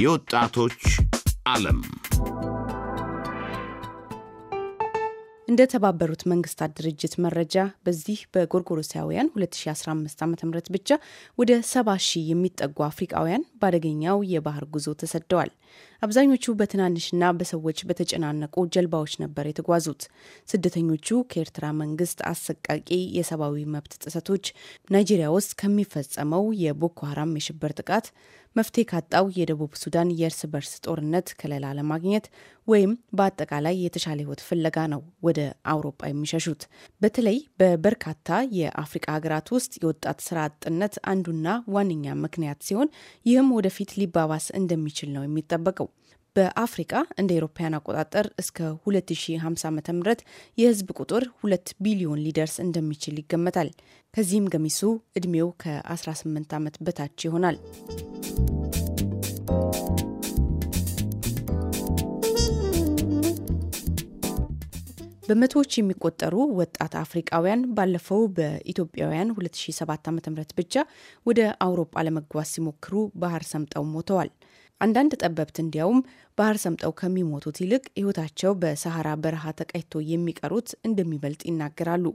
የወጣቶች ዓለም እንደተባበሩት መንግስታት ድርጅት መረጃ በዚህ በጎርጎሮሳውያን 2015 ዓ ም ብቻ ወደ 70 ሺህ የሚጠጉ አፍሪቃውያን በአደገኛው የባህር ጉዞ ተሰደዋል። አብዛኞቹ በትናንሽና በሰዎች በተጨናነቁ ጀልባዎች ነበር የተጓዙት። ስደተኞቹ ከኤርትራ መንግስት አሰቃቂ የሰብአዊ መብት ጥሰቶች፣ ናይጄሪያ ውስጥ ከሚፈጸመው የቦኮ ሀራም የሽብር ጥቃት፣ መፍትሄ ካጣው የደቡብ ሱዳን የእርስ በርስ ጦርነት ከለላ ለማግኘት ወይም በአጠቃላይ የተሻለ ህይወት ፍለጋ ነው ወደ አውሮፓ የሚሸሹት። በተለይ በበርካታ የአፍሪቃ ሀገራት ውስጥ የወጣት ስራ አጥነት አንዱና ዋነኛ ምክንያት ሲሆን ይህም ወደፊት ሊባባስ እንደሚችል ነው የሚጠ የሚጠበቀው። በአፍሪካ እንደ ኤሮፓያን አቆጣጠር እስከ 2050 ዓ ም የህዝብ ቁጥር 2 ቢሊዮን ሊደርስ እንደሚችል ይገመታል። ከዚህም ገሚሱ እድሜው ከ18 ዓመት በታች ይሆናል። በመቶዎች የሚቆጠሩ ወጣት አፍሪቃውያን ባለፈው በኢትዮጵያውያን 2007 ዓ ም ብቻ ወደ አውሮፓ ለመጓዝ ሲሞክሩ ባህር ሰምጠው ሞተዋል። አንዳንድ ጠበብት እንዲያውም ባህር ሰምጠው ከሚሞቱት ይልቅ ህይወታቸው በሰሐራ በረሃ ተቀይቶ የሚቀሩት እንደሚበልጥ ይናገራሉ።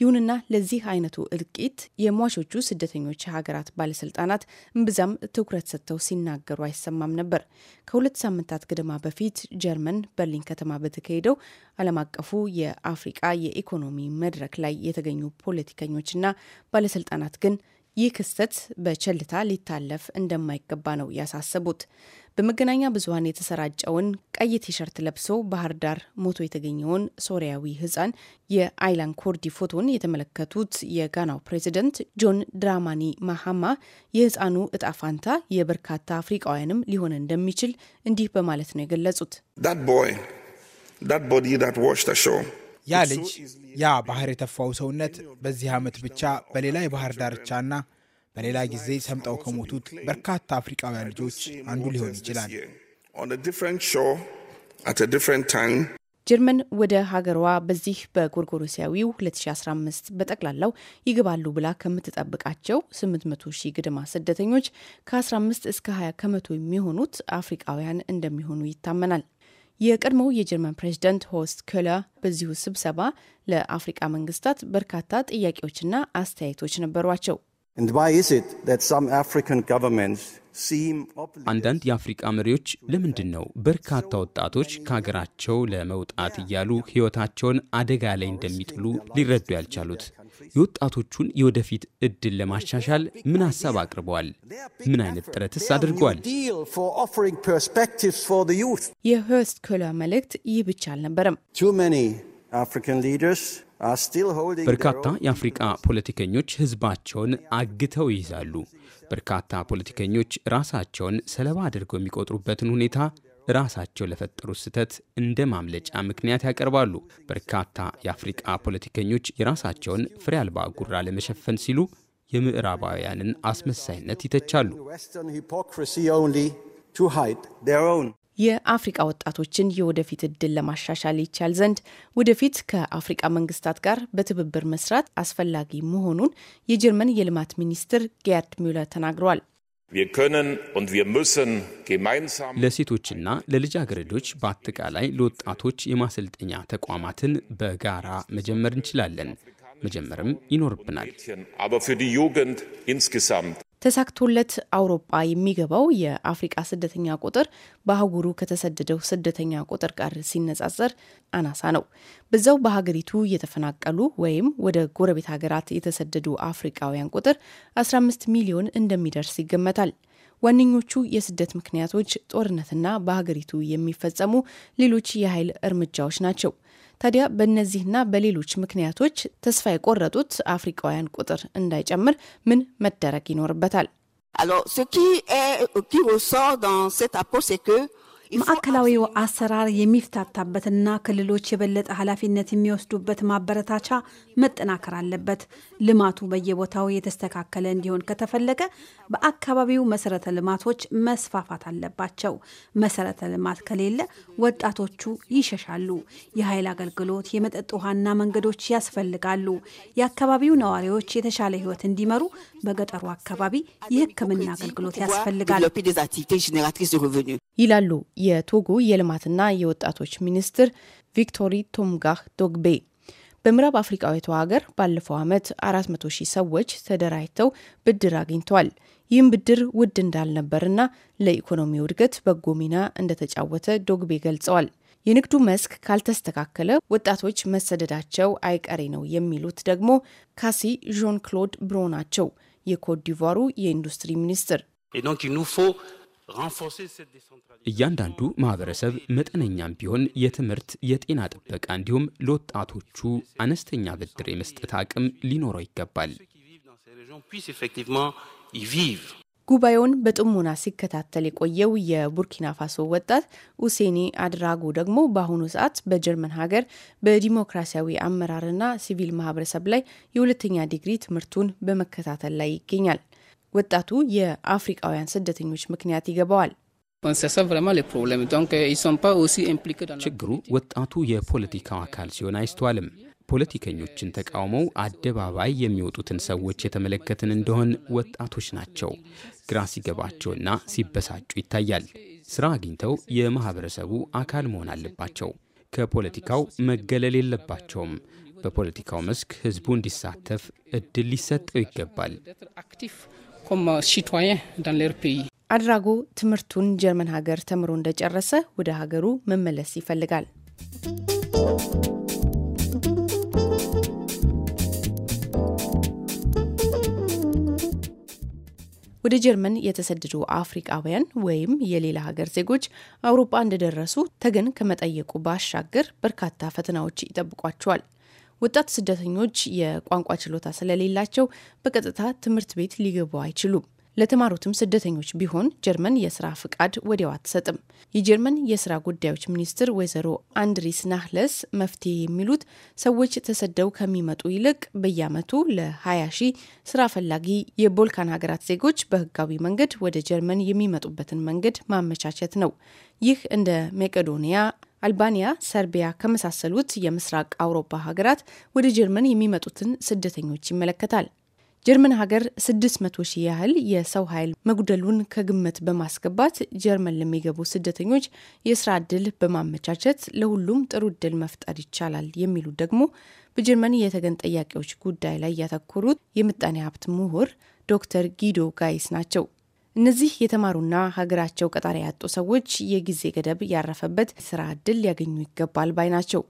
ይሁንና ለዚህ አይነቱ እልቂት የሟቾቹ ስደተኞች ሀገራት ባለስልጣናት እምብዛም ትኩረት ሰጥተው ሲናገሩ አይሰማም ነበር። ከሁለት ሳምንታት ገደማ በፊት ጀርመን በርሊን ከተማ በተካሄደው ዓለም አቀፉ የአፍሪቃ የኢኮኖሚ መድረክ ላይ የተገኙ ፖለቲከኞችና ባለስልጣናት ግን ይህ ክስተት በቸልታ ሊታለፍ እንደማይገባ ነው ያሳሰቡት። በመገናኛ ብዙኃን የተሰራጨውን ቀይ ቲሸርት ለብሶ ባህር ዳር ሞቶ የተገኘውን ሶሪያዊ ሕፃን የአይላን ኮርዲ ፎቶን የተመለከቱት የጋናው ፕሬዚደንት ጆን ድራማኒ ማሃማ የሕፃኑ እጣ ፋንታ የበርካታ አፍሪቃውያንም ሊሆን እንደሚችል እንዲህ በማለት ነው የገለጹት። ያ ልጅ ያ ባህር የተፋው ሰውነት በዚህ ዓመት ብቻ በሌላ የባህር ዳርቻና በሌላ ጊዜ ሰምጠው ከሞቱት በርካታ አፍሪቃውያን ልጆች አንዱ ሊሆን ይችላል። ጀርመን ወደ ሀገሯ በዚህ በጎርጎሮሲያዊው 2015 በጠቅላላው ይገባሉ ብላ ከምትጠብቃቸው 800 ሺህ ስደተኞች ከ15 እስከ 20 ከመቶ የሚሆኑት አፍሪቃውያን እንደሚሆኑ ይታመናል። የቀድሞው የጀርመን ፕሬዚደንት ሆስት ኮለር በዚሁ ስብሰባ ለአፍሪቃ መንግስታት በርካታ ጥያቄዎችና አስተያየቶች ነበሯቸው። አንዳንድ የአፍሪቃ መሪዎች ለምንድን ነው በርካታ ወጣቶች ከሀገራቸው ለመውጣት እያሉ ሕይወታቸውን አደጋ ላይ እንደሚጥሉ ሊረዱ ያልቻሉት? የወጣቶቹን የወደፊት እድል ለማሻሻል ምን ሐሳብ አቅርበዋል? ምን አይነት ጥረትስ አድርገዋል? የሆስት ኮላ መልእክት ይህ ብቻ አልነበረም። በርካታ የአፍሪቃ ፖለቲከኞች ህዝባቸውን አግተው ይይዛሉ። በርካታ ፖለቲከኞች ራሳቸውን ሰለባ አድርገው የሚቆጥሩበትን ሁኔታ ራሳቸው ለፈጠሩ ስህተት እንደ ማምለጫ ምክንያት ያቀርባሉ። በርካታ የአፍሪቃ ፖለቲከኞች የራሳቸውን ፍሬ አልባ ጉራ ለመሸፈን ሲሉ የምዕራባውያንን አስመሳይነት ይተቻሉ። የአፍሪቃ ወጣቶችን የወደፊት እድል ለማሻሻል ይቻል ዘንድ ወደፊት ከአፍሪቃ መንግስታት ጋር በትብብር መስራት አስፈላጊ መሆኑን የጀርመን የልማት ሚኒስትር ጌያርድ ሚለር ተናግረዋል። ለሴቶችና ለልጃገረዶች በአጠቃላይ ለወጣቶች የማሰልጠኛ ተቋማትን በጋራ መጀመር እንችላለን። መጀመርም ይኖርብናል። ተሳክቶለት አውሮፓ የሚገባው የአፍሪቃ ስደተኛ ቁጥር በአህጉሩ ከተሰደደው ስደተኛ ቁጥር ጋር ሲነጻጸር አናሳ ነው። በዛው በሀገሪቱ የተፈናቀሉ ወይም ወደ ጎረቤት ሀገራት የተሰደዱ አፍሪቃውያን ቁጥር 15 ሚሊዮን እንደሚደርስ ይገመታል። ዋነኞቹ የስደት ምክንያቶች ጦርነትና በሀገሪቱ የሚፈጸሙ ሌሎች የኃይል እርምጃዎች ናቸው። ታዲያ በእነዚህና በሌሎች ምክንያቶች ተስፋ የቆረጡት አፍሪቃውያን ቁጥር እንዳይጨምር ምን መደረግ ይኖርበታል? Alors, ce qui est, qui ressort dans cet apport, c'est que ማዕከላዊው አሰራር የሚፍታታበትና ክልሎች የበለጠ ኃላፊነት የሚወስዱበት ማበረታቻ መጠናከር አለበት። ልማቱ በየቦታው የተስተካከለ እንዲሆን ከተፈለገ በአካባቢው መሰረተ ልማቶች መስፋፋት አለባቸው። መሰረተ ልማት ከሌለ ወጣቶቹ ይሸሻሉ። የኃይል አገልግሎት፣ የመጠጥ ውሃና መንገዶች ያስፈልጋሉ። የአካባቢው ነዋሪዎች የተሻለ ህይወት እንዲመሩ በገጠሩ አካባቢ የህክምና አገልግሎት ያስፈልጋል ይላሉ የቶጎ የልማትና የወጣቶች ሚኒስትር ቪክቶሪ ቶምጋህ ዶግቤ በምዕራብ አፍሪቃዊቷ ሀገር ባለፈው ዓመት 400 ሺህ ሰዎች ተደራጅተው ብድር አግኝተዋል። ይህም ብድር ውድ እንዳልነበርና ለኢኮኖሚው እድገት በጎ ሚና እንደተጫወተ ዶግቤ ገልጸዋል። የንግዱ መስክ ካልተስተካከለ ወጣቶች መሰደዳቸው አይቀሬ ነው የሚሉት ደግሞ ካሲ ዦን ክሎድ ብሮ ናቸው፣ የኮትዲቯሩ የኢንዱስትሪ ሚኒስትር እያንዳንዱ ማህበረሰብ መጠነኛም ቢሆን የትምህርት፣ የጤና ጥበቃ እንዲሁም ለወጣቶቹ አነስተኛ ብድር የመስጠት አቅም ሊኖረው ይገባል። ጉባኤውን በጥሞና ሲከታተል የቆየው የቡርኪና ፋሶ ወጣት ኡሴኒ አድራጎ ደግሞ በአሁኑ ሰዓት በጀርመን ሀገር በዲሞክራሲያዊ አመራርና ሲቪል ማህበረሰብ ላይ የሁለተኛ ዲግሪ ትምህርቱን በመከታተል ላይ ይገኛል። ወጣቱ የአፍሪቃውያን ስደተኞች ምክንያት ይገባዋል። ችግሩ ወጣቱ የፖለቲካው አካል ሲሆን አይስተዋልም። ፖለቲከኞችን ተቃውመው አደባባይ የሚወጡትን ሰዎች የተመለከትን እንደሆን ወጣቶች ናቸው። ግራ ሲገባቸውና ሲበሳጩ ይታያል። ስራ አግኝተው የማህበረሰቡ አካል መሆን አለባቸው። ከፖለቲካው መገለል የለባቸውም። በፖለቲካው መስክ ህዝቡ እንዲሳተፍ እድል ሊሰጠው ይገባል። comme citoyen dans leur pays. አድራጎ ትምህርቱን ጀርመን ሀገር ተምሮ እንደጨረሰ ወደ ሀገሩ መመለስ ይፈልጋል። ወደ ጀርመን የተሰደዱ አፍሪቃውያን ወይም የሌላ ሀገር ዜጎች አውሮፓ እንደደረሱ ተገን ከመጠየቁ ባሻገር በርካታ ፈተናዎች ይጠብቋቸዋል። ወጣት ስደተኞች የቋንቋ ችሎታ ስለሌላቸው በቀጥታ ትምህርት ቤት ሊገቡ አይችሉም። ለተማሩትም ስደተኞች ቢሆን ጀርመን የስራ ፍቃድ ወዲያው አትሰጥም። የጀርመን የስራ ጉዳዮች ሚኒስትር ወይዘሮ አንድሪስ ናህለስ መፍትሄ የሚሉት ሰዎች ተሰደው ከሚመጡ ይልቅ በየአመቱ ለ20 ሺህ ስራ ፈላጊ የቦልካን ሀገራት ዜጎች በህጋዊ መንገድ ወደ ጀርመን የሚመጡበትን መንገድ ማመቻቸት ነው። ይህ እንደ መቄዶንያ አልባኒያ፣ ሰርቢያ ከመሳሰሉት የምስራቅ አውሮፓ ሀገራት ወደ ጀርመን የሚመጡትን ስደተኞች ይመለከታል። ጀርመን ሀገር 600 ሺህ ያህል የሰው ኃይል መጉደሉን ከግምት በማስገባት ጀርመን ለሚገቡ ስደተኞች የስራ ዕድል በማመቻቸት ለሁሉም ጥሩ ዕድል መፍጠር ይቻላል የሚሉት ደግሞ በጀርመን የተገን ጠያቂዎች ጉዳይ ላይ ያተኮሩት የምጣኔ ሀብት ምሁር ዶክተር ጊዶ ጋይስ ናቸው። እነዚህ የተማሩና ሀገራቸው ቀጣሪ ያጡ ሰዎች የጊዜ ገደብ ያረፈበት ስራ እድል ሊያገኙ ይገባል ባይ ናቸው።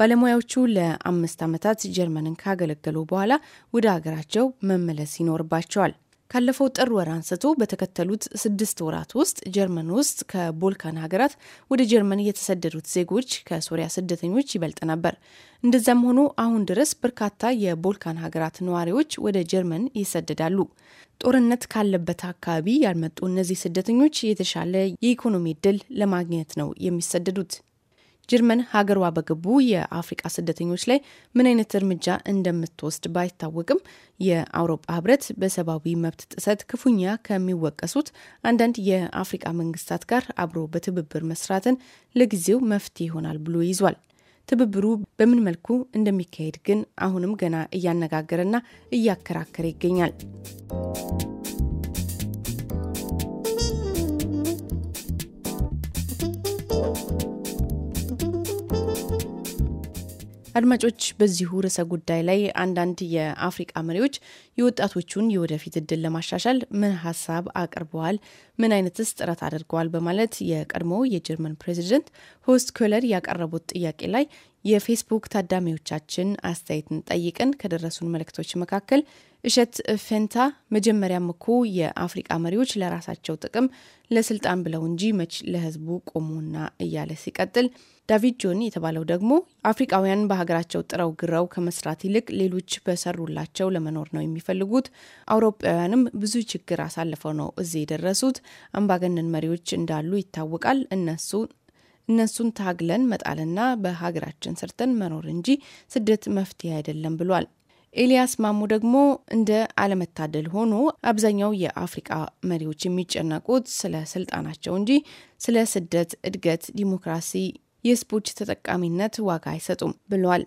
ባለሙያዎቹ ለአምስት ዓመታት ጀርመንን ካገለገሉ በኋላ ወደ ሀገራቸው መመለስ ይኖርባቸዋል። ካለፈው ጥር ወር አንስቶ በተከተሉት ስድስት ወራት ውስጥ ጀርመን ውስጥ ከቦልካን ሀገራት ወደ ጀርመን የተሰደዱት ዜጎች ከሶሪያ ስደተኞች ይበልጥ ነበር። እንደዚያም ሆኖ አሁን ድረስ በርካታ የቦልካን ሀገራት ነዋሪዎች ወደ ጀርመን ይሰደዳሉ። ጦርነት ካለበት አካባቢ ያልመጡ እነዚህ ስደተኞች የተሻለ የኢኮኖሚ እድል ለማግኘት ነው የሚሰደዱት። ጀርመን ሀገሯ በገቡ የአፍሪቃ ስደተኞች ላይ ምን አይነት እርምጃ እንደምትወስድ ባይታወቅም የአውሮፓ ህብረት በሰብአዊ መብት ጥሰት ክፉኛ ከሚወቀሱት አንዳንድ የአፍሪቃ መንግስታት ጋር አብሮ በትብብር መስራትን ለጊዜው መፍትሄ ይሆናል ብሎ ይዟል። ትብብሩ በምን መልኩ እንደሚካሄድ ግን አሁንም ገና እያነጋገረና እያከራከረ ይገኛል። አድማጮች በዚሁ ርዕሰ ጉዳይ ላይ አንዳንድ የአፍሪቃ መሪዎች የወጣቶቹን የወደፊት እድል ለማሻሻል ምን ሀሳብ አቅርበዋል? ምን አይነትስ ጥረት አድርገዋል? በማለት የቀድሞ የጀርመን ፕሬዚደንት ሆስት ኮለር ያቀረቡት ጥያቄ ላይ የፌስቡክ ታዳሚዎቻችን አስተያየትን ጠይቀን ከደረሱን መልእክቶች መካከል እሸት ፌንታ መጀመሪያም እኮ የአፍሪቃ መሪዎች ለራሳቸው ጥቅም ለስልጣን ብለው እንጂ መች ለህዝቡ ቆሙና እያለ ሲቀጥል፣ ዳቪድ ጆን የተባለው ደግሞ አፍሪቃውያን በሀገራቸው ጥረው ግረው ከመስራት ይልቅ ሌሎች በሰሩላቸው ለመኖር ነው የሚፈልጉት። አውሮፓውያንም ብዙ ችግር አሳልፈው ነው እዚህ የደረሱት። አምባገነን መሪዎች እንዳሉ ይታወቃል። እነሱ እነሱን ታግለን መጣልና በሀገራችን ሰርተን መኖር እንጂ ስደት መፍትሄ አይደለም ብሏል። ኤልያስ ማሙ ደግሞ እንደ አለመታደል ሆኖ አብዛኛው የአፍሪቃ መሪዎች የሚጨነቁት ስለ ስልጣናቸው እንጂ ስለ ስደት፣ እድገት፣ ዲሞክራሲ፣ የህዝቦች ተጠቃሚነት ዋጋ አይሰጡም ብሏል።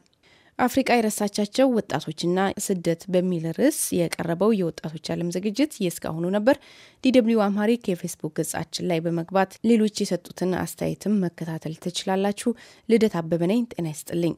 አፍሪቃ የረሳቻቸው ወጣቶችና ስደት በሚል ርዕስ የቀረበው የወጣቶች ዓለም ዝግጅት የእስካሁኑ ነበር። ዲደብሊው አምሃሪክ የፌስቡክ ገጻችን ላይ በመግባት ሌሎች የሰጡትን አስተያየትም መከታተል ትችላላችሁ። ልደት አበበ ነኝ። ጤና ይስጥልኝ።